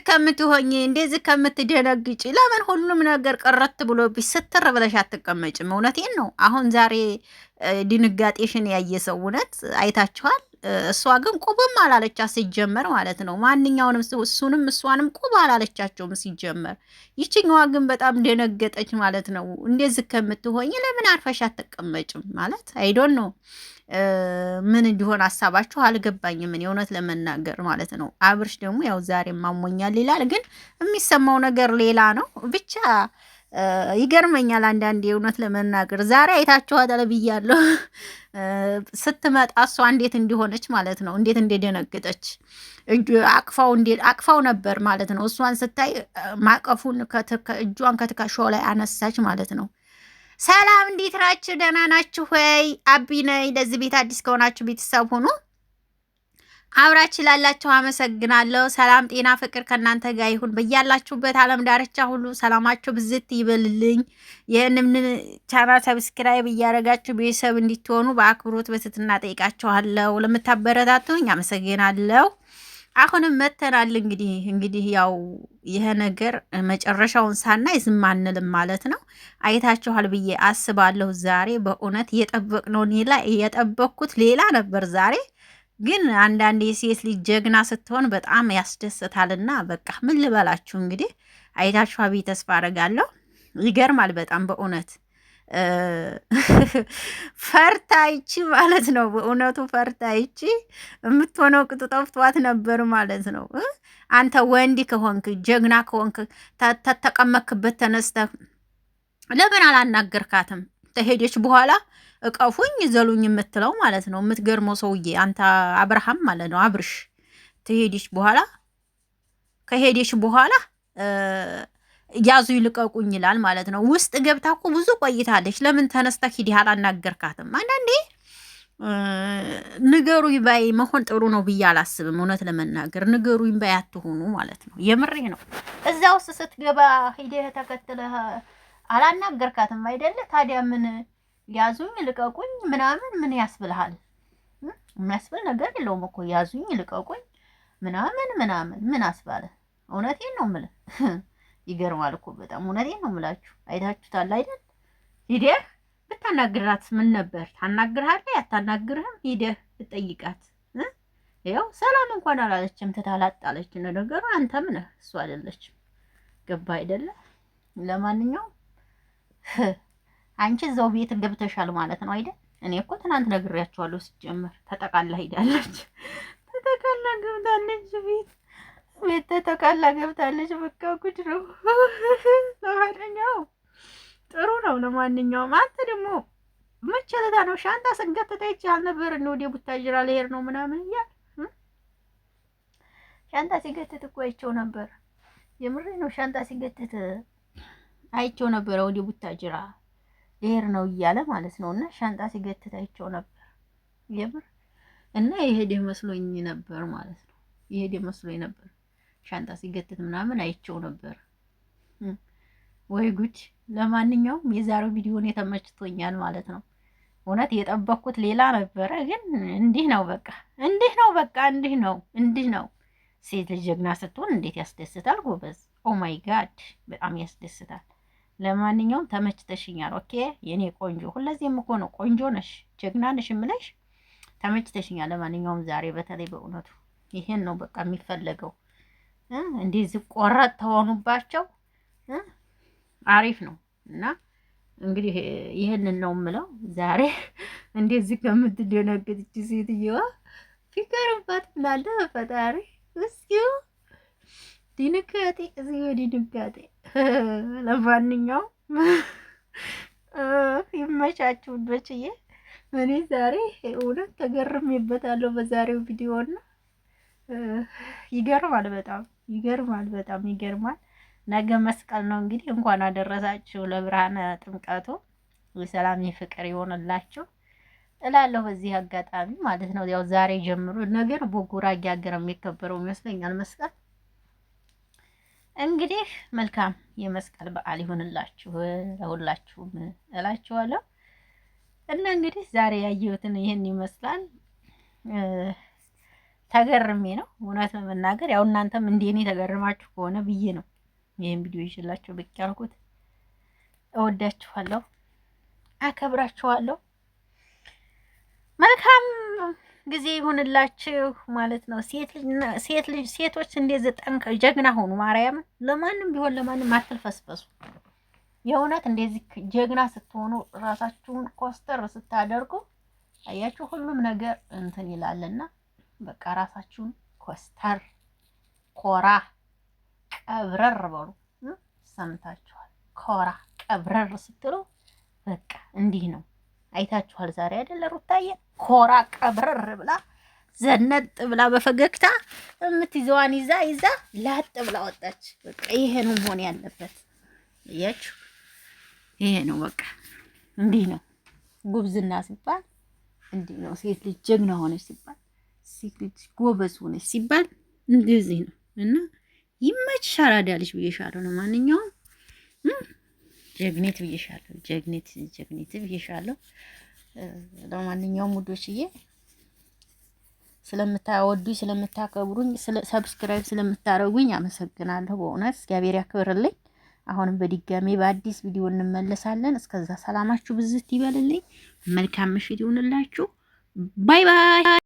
እንደዚህ ከምትሆኝ እንደዚህ ከምትደነግጭ ለምን ሁሉም ነገር ቀረት ብሎ ስትር ብለሽ አትቀመጭም? እውነቴን ነው። አሁን ዛሬ ድንጋጤሽን ያየ ሰው እውነት አይታችኋል። እሷ ግን ቁብም አላለቻ ሲጀመር ማለት ነው። ማንኛውንም እሱንም እሷንም ቁብ አላለቻቸውም ሲጀመር። ይችኛዋ ግን በጣም ደነገጠች ማለት ነው። እንደዚህ ከምትሆኝ ለምን አርፈሽ አትቀመጭም ማለት አይዶን ነው። ምን እንዲሆን ሀሳባችሁ አልገባኝም። ምን እውነት ለመናገር ማለት ነው። አብርሽ ደግሞ ያው ዛሬ ማሞኛል ይላል፣ ግን የሚሰማው ነገር ሌላ ነው ብቻ ይገርመኛል አንዳንዴ እውነት ለመናገር ዛሬ አይታችኋታል ብያለሁ። ስትመጣ እሷ እንዴት እንዲሆነች ማለት ነው፣ እንዴት እንደደነገጠች አቅፋው አቅፋው ነበር ማለት ነው። እሷን ስታይ ማቀፉን እጇን ከትከሻው ላይ አነሳች ማለት ነው። ሰላም እንዴት ናችሁ? ደህና ናችሁ ወይ? አቢ ነኝ። ለዚህ ቤት አዲስ ከሆናችሁ ቤተሰብ ሁኑ። አብራችሁ ላላችሁ አመሰግናለሁ። ሰላም ጤና ፍቅር ከእናንተ ጋር ይሁን። በያላችሁበት ዓለም ዳርቻ ሁሉ ሰላማችሁ ብዝት ይበልልኝ። ይህንን ቻናል ሰብስክራይብ እያደረጋችሁ ቤተሰብ እንዲትሆኑ በአክብሮት በትትና ጠይቃችኋለሁ። ለምታበረታቱኝ አመሰግናለሁ። አሁንም መተናል። እንግዲህ እንግዲህ ያው ይሄ ነገር መጨረሻውን ሳናይ ዝም አንልም ማለት ነው። አይታችኋል ብዬ አስባለሁ። ዛሬ በእውነት የጠበቅነው ሌላ እየጠበቅኩት ሌላ ነበር ዛሬ ግን አንዳንድ የሴት ልጅ ጀግና ስትሆን በጣም ያስደስታልና በቃ ምን ልበላችሁ እንግዲህ አይታችኋ ብዬ ተስፋ አደርጋለሁ። ይገርማል በጣም በእውነት ፈርታይቺ ማለት ነው። በእውነቱ ፈርታይቺ የምትሆነው ቅጡ ጠፍቷት ነበር ማለት ነው። አንተ ወንድ ከሆንክ ጀግና ከሆንክ ተተቀመክበት ተነስተ ለምን አላናገርካትም? ተሄደች በኋላ እቀፉኝ ዘሉኝ የምትለው ማለት ነው። የምትገርመው ሰውዬ አንተ አብርሃም ማለት ነው። አብርሽ ትሄደች በኋላ ከሄደች በኋላ ያዙ ይልቀቁኝ ይላል ማለት ነው። ውስጥ ገብታ እኮ ብዙ ቆይታለች። ለምን ተነስታ ሂዲህ አላናገርካትም? አንዳንዴ ንገሩ ባይ መሆን ጥሩ ነው ብዬ አላስብም። እውነት ለመናገር ንገሩ ይባይ አትሆኑ ማለት ነው። የምሬ ነው። እዛ ውስጥ ስትገባ ሂደህ ተከትለህ አላናገርካትም አይደለ? ታዲያ ምን ያዙኝ ልቀቁኝ ምናምን ምን ያስብልሃል? የሚያስብል ነገር የለውም እኮ ያዙኝ ልቀቁኝ ምናምን ምናምን ምን አስባለ? እውነቴን ነው ምል ይገርማል እኮ በጣም እውነቴን ነው የምላችሁ። አይታችሁታል አይደል? ሂደህ ብታናግራት ምን ነበር? ታናግርሃለህ? አታናግርህም? ሂደህ ብጠይቃት ያው ሰላም እንኳን አላለችም። ትታላጣለች ነው ነገሩ። አንተም ነህ እሱ አይደለችም። ገባ አይደለ? ለማንኛውም አንቺ እዛው ቤት ገብተሻል ማለት ነው አይደል? እኔ እኮ ትናንት ነግሬያቸዋለሁ። ሲጀምር ተጠቃላ ሄዳለች። ተጠቃላ ገብታለች። ቤት ቤት ተጠቃላ ገብታለች። በቃ ጉድ ነው። ለማንኛውም ጥሩ ነው። ለማንኛውም አንተ ደግሞ መቸለታ ነው ሻንጣ ስንገትታ ይቻል ነበር። እነ ወደ ቡታጅራ ልሄድ ነው ምናምን እያል ሻንጣ ሲገትት እኮ አይቼው ነበር። የምሬ ነው። ሻንጣ ሲገትት አይቼው ነበረ ወደ ቡታጅራ ሄር ነው እያለ ማለት ነው። እና ሻንጣ ሲገትታቸው ነበር የምር እና የሄደ መስሎኝ ነበር ማለት ነው። የሄደ መስሎኝ ነበር ሻንጣ ሲገትት ምናምን አይቸው ነበር። ወይ ጉድ! ለማንኛውም የዛሬው ቪዲዮን የተመችቶኛል ማለት ነው። እውነት የጠበኩት ሌላ ነበረ፣ ግን እንዲህ ነው በቃ እንዲህ ነው በቃ እንዲህ ነው እንዲህ ነው። ሴት ልጅ ጀግና ስትሆን እንዴት ያስደስታል ጎበዝ! ኦ ማይ ጋድ በጣም ያስደስታል። ለማንኛውም ተመችተሽኛል። ኦኬ የኔ ቆንጆ፣ ሁለዚህም እኮ ነው ቆንጆ ነሽ፣ ጀግና ነሽ የምለሽ። ተመችተሽኛል። ለማንኛውም ዛሬ በተለይ በእውነቱ ይሄን ነው በቃ የሚፈለገው። እንደዚህ ቆረጥ ተሆኑባቸው አሪፍ ነው እና እንግዲህ ይህንን ነው የምለው ዛሬ እንደዚህ ከምትደነግጥች ሴትየዋ ፊገርባት ምናለ ፈጣሪ እስኪው ድንጋጤ እዚህ ወዲህ ድንጋጤ። ለማንኛውም ይመቻችሁ ዶችዬ። እኔ ዛሬ እውነት ተገርሜበታለሁ በዛሬው ቪዲዮ ቪዲዮና ይገርማል፣ በጣም ይገርማል፣ በጣም ይገርማል። ነገ መስቀል ነው እንግዲህ እንኳን አደረሳችሁ ለብርሃነ ጥምቀቱ። የሰላም የፍቅር ይሆንላችሁ እላለሁ በዚህ አጋጣሚ ማለት ነው። ያው ዛሬ ጀምሮ ነገር ነው በጉራጌ ሀገር የሚከበረው ይመስለኛል መስቀል እንግዲህ መልካም የመስቀል በዓል ይሁንላችሁ ለሁላችሁም እላችኋለሁ። እና እንግዲህ ዛሬ ያየሁትን ይህን ይመስላል። ተገርሜ ነው እውነት ለመናገር ያው እናንተም እንደኔ ተገርማችሁ ከሆነ ብዬ ነው ይህን ቪዲዮ ይችላችሁ ብቅ ያልኩት። እወዳችኋለሁ፣ አከብራችኋለሁ። መልካም ጊዜ ይሁንላችሁ ማለት ነው። ሴት ልጅ ሴቶች እንደዚህ ጠንከ ጀግና ሆኑ። ማርያም ለማንም ቢሆን ለማንም አትልፈስፈሱ። የእውነት እንደዚህ ጀግና ስትሆኑ ራሳችሁን ኮስተር ስታደርጉ አያችሁ ሁሉም ነገር እንትን ይላልና በቃ ራሳችሁን ኮስተር ኮራ ቀብረር በሉ። ሰምታችኋል። ኮራ ቀብረር ስትሉ በቃ እንዲህ ነው። አይታችኋል። ዛሬ አይደለ ሩታዬ ኮራ ቀብረር ብላ ዘነጥ ብላ በፈገግታ የምትይዘዋን ይዛ ይዛ ላጥ ብላ ወጣች። በቃ ይሄ ነው መሆን ያለበት። እያችሁ ይሄ ነው በቃ እንዲህ ነው ጉብዝና ሲባል እንዲህ ነው። ሴት ልጅ ጀግና ሆነች ሲባል፣ ሴት ልጅ ጎበዝ ሆነች ሲባል እንደዚህ ነው እና ይመችሽ፣ አራዳ ልጅ ብዬሻለሁ ነው ማንኛውም ጀግኔት ብዬሻለሁ። ጀግኔት ጀግኔት ብዬሻለሁ። ለማንኛውም ውዶችዬ ስለምታወዱኝ ስለምታከብሩኝ፣ ሰብስክራይብ ስለምታረጉኝ አመሰግናለሁ። በእውነት እግዚአብሔር ያክብርልኝ። አሁንም በድጋሚ በአዲስ ቪዲዮ እንመለሳለን። እስከዛ ሰላማችሁ ብዝት ይበልልኝ። መልካም ምሽት ይሁንላችሁ። ባይ ባይ።